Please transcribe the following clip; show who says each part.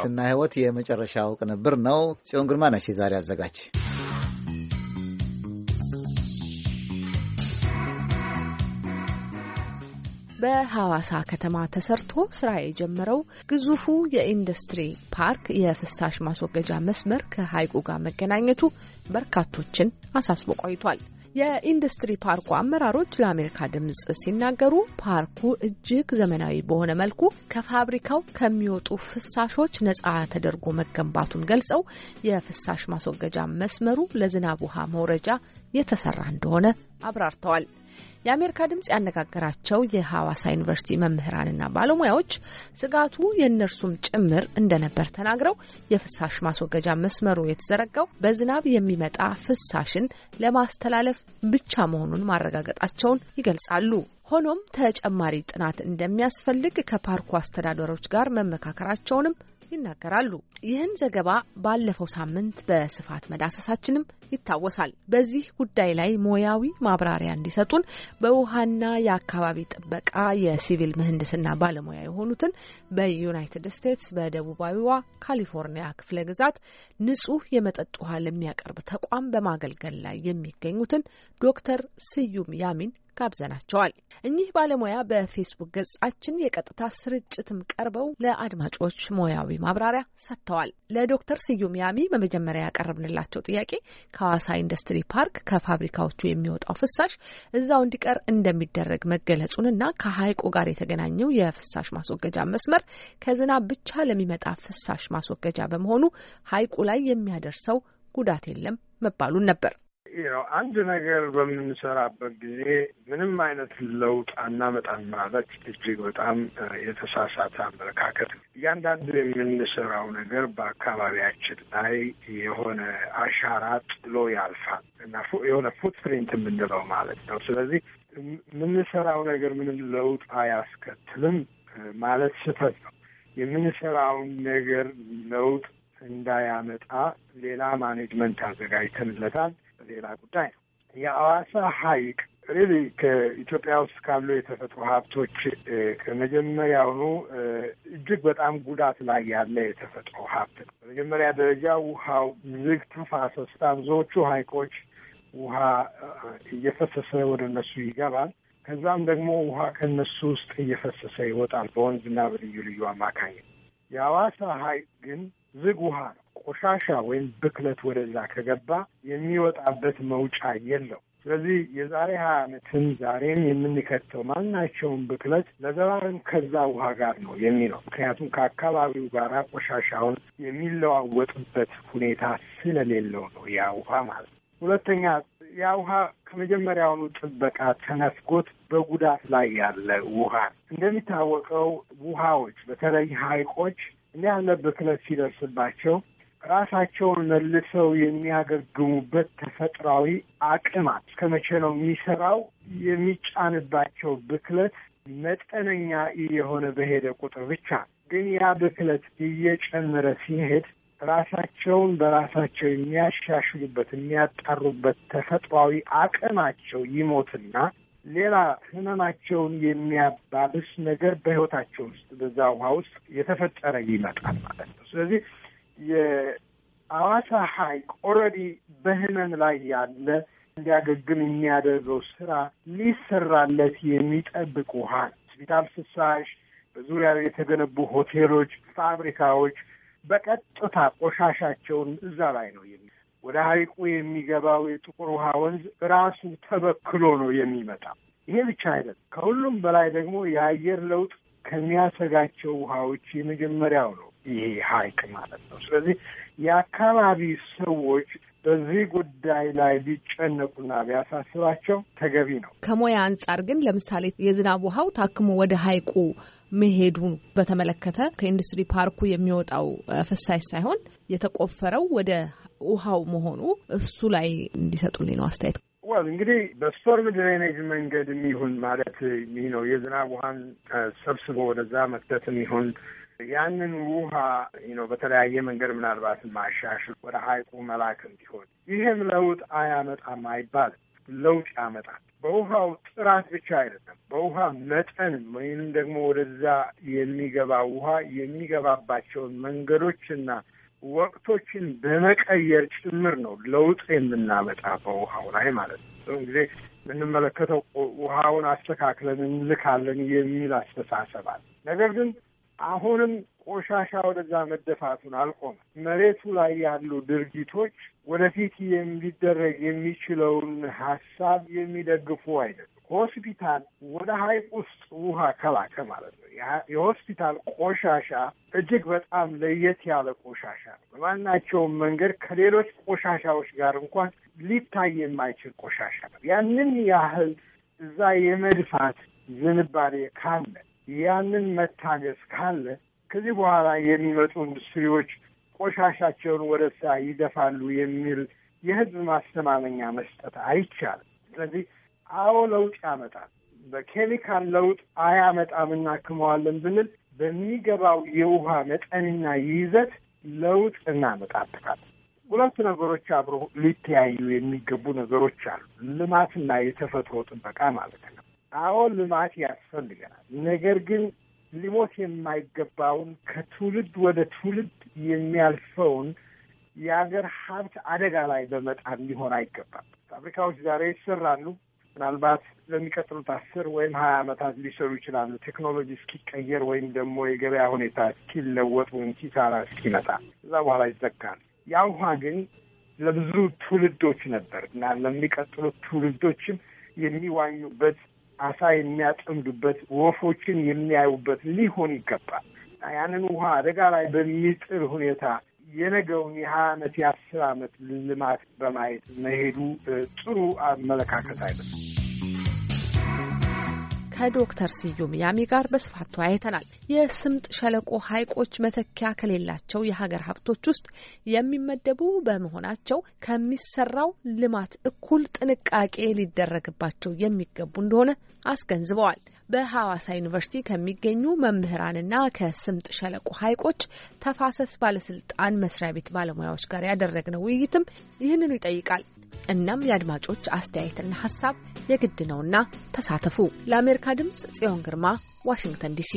Speaker 1: ሳይንስና ህይወት የመጨረሻው ቅንብር ነው። ጽዮን ግርማ ነች የዛሬ አዘጋጅ። በሐዋሳ ከተማ ተሰርቶ ስራ የጀመረው ግዙፉ የኢንዱስትሪ ፓርክ የፍሳሽ ማስወገጃ መስመር ከሐይቁ ጋር መገናኘቱ በርካቶችን አሳስቦ ቆይቷል። የኢንዱስትሪ ፓርኩ አመራሮች ለአሜሪካ ድምጽ ሲናገሩ ፓርኩ እጅግ ዘመናዊ በሆነ መልኩ ከፋብሪካው ከሚወጡ ፍሳሾች ነጻ ተደርጎ መገንባቱን ገልጸው የፍሳሽ ማስወገጃ መስመሩ ለዝናብ ውሃ መውረጃ የተሰራ እንደሆነ አብራርተዋል። የአሜሪካ ድምጽ ያነጋገራቸው የሐዋሳ ዩኒቨርሲቲ መምህራንና ባለሙያዎች ስጋቱ የእነርሱም ጭምር እንደነበር ተናግረው የፍሳሽ ማስወገጃ መስመሩ የተዘረጋው በዝናብ የሚመጣ ፍሳሽን ለማስተላለፍ ብቻ መሆኑን ማረጋገጣቸውን ይገልጻሉ። ሆኖም ተጨማሪ ጥናት እንደሚያስፈልግ ከፓርኩ አስተዳደሮች ጋር መመካከራቸውንም ይናገራሉ። ይህን ዘገባ ባለፈው ሳምንት በስፋት መዳሰሳችንም ይታወሳል። በዚህ ጉዳይ ላይ ሙያዊ ማብራሪያ እንዲሰጡን በውሃና የአካባቢ ጥበቃ የሲቪል ምህንድስና ባለሙያ የሆኑትን በዩናይትድ ስቴትስ በደቡባዊዋ ካሊፎርኒያ ክፍለ ግዛት ንጹህ የመጠጥ ውሃ ለሚያቀርብ ተቋም በማገልገል ላይ የሚገኙትን ዶክተር ስዩም ያሚን ጋብዘናቸዋል። እኚህ ባለሙያ በፌስቡክ ገጻችን የቀጥታ ስርጭትም ቀርበው ለአድማጮች ሙያዊ ማብራሪያ ሰጥተዋል። ለዶክተር ስዩም ያሚ በመጀመሪያ ያቀረብንላቸው ጥያቄ ከሐዋሳ ኢንዱስትሪ ፓርክ ከፋብሪካዎቹ የሚወጣው ፍሳሽ እዛው እንዲቀር እንደሚደረግ መገለጹንና ከሐይቁ ጋር የተገናኘው የፍሳሽ ማስወገጃ መስመር ከዝናብ ብቻ ለሚመጣ ፍሳሽ ማስወገጃ በመሆኑ ሐይቁ ላይ የሚያደርሰው ጉዳት የለም መባሉን ነበር።
Speaker 2: ነው አንድ ነገር በምንሰራበት ጊዜ ምንም አይነት ለውጥ አናመጣን ማለት እጅግ በጣም የተሳሳተ አመለካከት ነው። እያንዳንዱ የምንሰራው ነገር በአካባቢያችን ላይ የሆነ አሻራ ጥሎ ያልፋል እና የሆነ ፉትፕሪንት የምንለው ማለት ነው። ስለዚህ የምንሰራው ነገር ምንም ለውጥ አያስከትልም ማለት ስህተት ነው። የምንሰራውን ነገር ለውጥ እንዳያመጣ ሌላ ማኔጅመንት አዘጋጅተንለታል። ሌላ ጉዳይ ነው። የአዋሳ ሐይቅ ሪሊ ከኢትዮጵያ ውስጥ ካሉ የተፈጥሮ ሀብቶች ከመጀመሪያውኑ እጅግ በጣም ጉዳት ላይ ያለ የተፈጥሮ ሀብት ነው። በመጀመሪያ ደረጃ ውሃው ዝግ ተፋሰስ፣ ብዙዎቹ ሐይቆች ውሃ እየፈሰሰ ወደ እነሱ ይገባል። ከዛም ደግሞ ውሃ ከእነሱ ውስጥ እየፈሰሰ ይወጣል በወንዝና በልዩ ልዩ አማካኝ። የአዋሳ ሐይቅ ግን ዝግ ውሃ ነው። ቆሻሻ ወይም ብክለት ወደዛ ከገባ የሚወጣበት መውጫ የለው። ስለዚህ የዛሬ ሀያ ዓመትም ዛሬም የምንከተው ማናቸውም ብክለት ለዘባርም ከዛ ውሃ ጋር ነው የሚለው። ምክንያቱም ከአካባቢው ጋር ቆሻሻውን የሚለዋወጥበት ሁኔታ ስለሌለው ነው ያ ውሃ ማለት ነው። ሁለተኛ ያ ውሃ ከመጀመሪያውኑ ጥበቃ ተነፍጎት በጉዳት ላይ ያለ ውሃ እንደሚታወቀው ውሃዎች በተለይ ሀይቆች እንዲህ ያለ ብክለት ሲደርስባቸው ራሳቸውን መልሰው የሚያገግሙበት ተፈጥሯዊ አቅማት እስከ መቼ ነው የሚሰራው? የሚጫንባቸው ብክለት መጠነኛ የሆነ በሄደ ቁጥር ብቻ ግን ያ ብክለት እየጨመረ ሲሄድ ራሳቸውን በራሳቸው የሚያሻሽሉበት የሚያጣሩበት ተፈጥሯዊ አቅማቸው ይሞትና ሌላ ህመማቸውን የሚያባብስ ነገር በህይወታቸው ውስጥ በዛ ውሃ ውስጥ የተፈጠረ ይመጣል ማለት ነው። ስለዚህ የአዋሳ ሐይቅ ኦልሬዲ በህመም ላይ ያለ እንዲያገግም የሚያደርገው ስራ ሊሰራለት የሚጠብቅ ውሃ ሆስፒታል ፍሳሽ፣ በዙሪያው የተገነቡ ሆቴሎች፣ ፋብሪካዎች በቀጥታ ቆሻሻቸውን እዛ ላይ ነው የሚ ወደ ሀይቁ የሚገባው የጥቁር ውሃ ወንዝ ራሱ ተበክሎ ነው የሚመጣ ይሄ ብቻ አይደለም። ከሁሉም በላይ ደግሞ የአየር ለውጥ ከሚያሰጋቸው ውሃዎች የመጀመሪያው ነው። ይሄ ሀይቅ ማለት ነው። ስለዚህ የአካባቢ ሰዎች በዚህ ጉዳይ ላይ ቢጨነቁና ቢያሳስባቸው ተገቢ ነው።
Speaker 1: ከሙያ አንጻር ግን ለምሳሌ የዝናብ ውሃው ታክሞ ወደ ሀይቁ መሄዱ በተመለከተ ከኢንዱስትሪ ፓርኩ የሚወጣው ፍሳሽ ሳይሆን የተቆፈረው ወደ ውሃው መሆኑ እሱ ላይ እንዲሰጡልኝ ነው አስተያየት።
Speaker 2: ወል እንግዲህ በስቶርም ድሬኔጅ መንገድ የሚሆን ማለት ነው የዝናብ ውሃን ሰብስቦ ወደዛ መክተት የሚሆን ያንን ውሃ ነው በተለያየ መንገድ ምናልባት ማሻሽል ወደ ሀይቁ መላክ እንዲሆን ይህም ለውጥ አያመጣም አይባልም። ለውጥ ያመጣል። በውሃው ጥራት ብቻ አይደለም፣ በውሃ መጠን ወይም ደግሞ ወደዛ የሚገባ ውሃ የሚገባባቸውን መንገዶችና ወቅቶችን በመቀየር ጭምር ነው ለውጥ የምናመጣ በውሃው ላይ ማለት ነው። ብዙ ጊዜ የምንመለከተው ውሃውን አስተካክለን እንልካለን የሚል አስተሳሰብ አለ። ነገር ግን አሁንም ቆሻሻ ወደዛ መደፋቱን አልቆመ። መሬቱ ላይ ያሉ ድርጊቶች ወደፊት የሚደረግ የሚችለውን ሀሳብ የሚደግፉ አይደለም። ሆስፒታል ወደ ሀይቅ ውስጥ ውሃ ከላከ ማለት ነው። የሆስፒታል ቆሻሻ እጅግ በጣም ለየት ያለ ቆሻሻ ነው። በማናቸውም መንገድ ከሌሎች ቆሻሻዎች ጋር እንኳን ሊታይ የማይችል ቆሻሻ ነው። ያንን ያህል እዛ የመድፋት ዝንባሌ ካለ ያንን መታገስ ካለ ከዚህ በኋላ የሚመጡ ኢንዱስትሪዎች ቆሻሻቸውን ወደ ሳ ይደፋሉ የሚል የህዝብ ማስተማመኛ መስጠት አይቻልም። ስለዚህ አዎ ለውጥ ያመጣል። በኬሚካል ለውጥ አያመጣም እናክመዋለን ብንል በሚገባው የውሃ መጠንና ይዘት ለውጥ እናመጣበታል። ሁለቱ ነገሮች አብሮ ሊተያዩ የሚገቡ ነገሮች አሉ። ልማትና የተፈጥሮ ጥበቃ ማለት ነው። አሁን ልማት ያስፈልገናል። ነገር ግን ሊሞት የማይገባውን ከትውልድ ወደ ትውልድ የሚያልፈውን የሀገር ሀብት አደጋ ላይ በመጣል ሊሆን አይገባም። ፋብሪካዎች ዛሬ ይሰራሉ። ምናልባት ለሚቀጥሉት አስር ወይም ሀያ ዓመታት ሊሰሩ ይችላሉ። ቴክኖሎጂ እስኪቀየር ወይም ደግሞ የገበያ ሁኔታ እስኪለወጥ ወይም ኪሳራ እስኪመጣ እዛ በኋላ ይዘጋል። ያ ውሃ ግን ለብዙ ትውልዶች ነበር እና ለሚቀጥሉት ትውልዶችም የሚዋኙበት አሳ የሚያጠምዱበት ወፎችን የሚያዩበት ሊሆን ይገባል። ያንን ውሃ አደጋ ላይ በሚጥል ሁኔታ የነገውን የሀያ ዓመት የአስር ዓመት ልማት በማየት መሄዱ ጥሩ አመለካከት አይደለም።
Speaker 1: ከዶክተር ስዩም ያሚ ጋር በስፋት ተወያይተናል። የስምጥ ሸለቆ ሐይቆች መተኪያ ከሌላቸው የሀገር ሀብቶች ውስጥ የሚመደቡ በመሆናቸው ከሚሰራው ልማት እኩል ጥንቃቄ ሊደረግባቸው የሚገቡ እንደሆነ አስገንዝበዋል። በሐዋሳ ዩኒቨርሲቲ ከሚገኙ መምህራንና ከስምጥ ሸለቆ ሐይቆች ተፋሰስ ባለስልጣን መስሪያ ቤት ባለሙያዎች ጋር ያደረግነው ውይይትም ይህንኑ ይጠይቃል። እናም የአድማጮች አስተያየትና ሀሳብ የግድ ነውና ተሳተፉ። ለአሜሪካ ድምፅ ጽዮን ግርማ ዋሽንግተን ዲሲ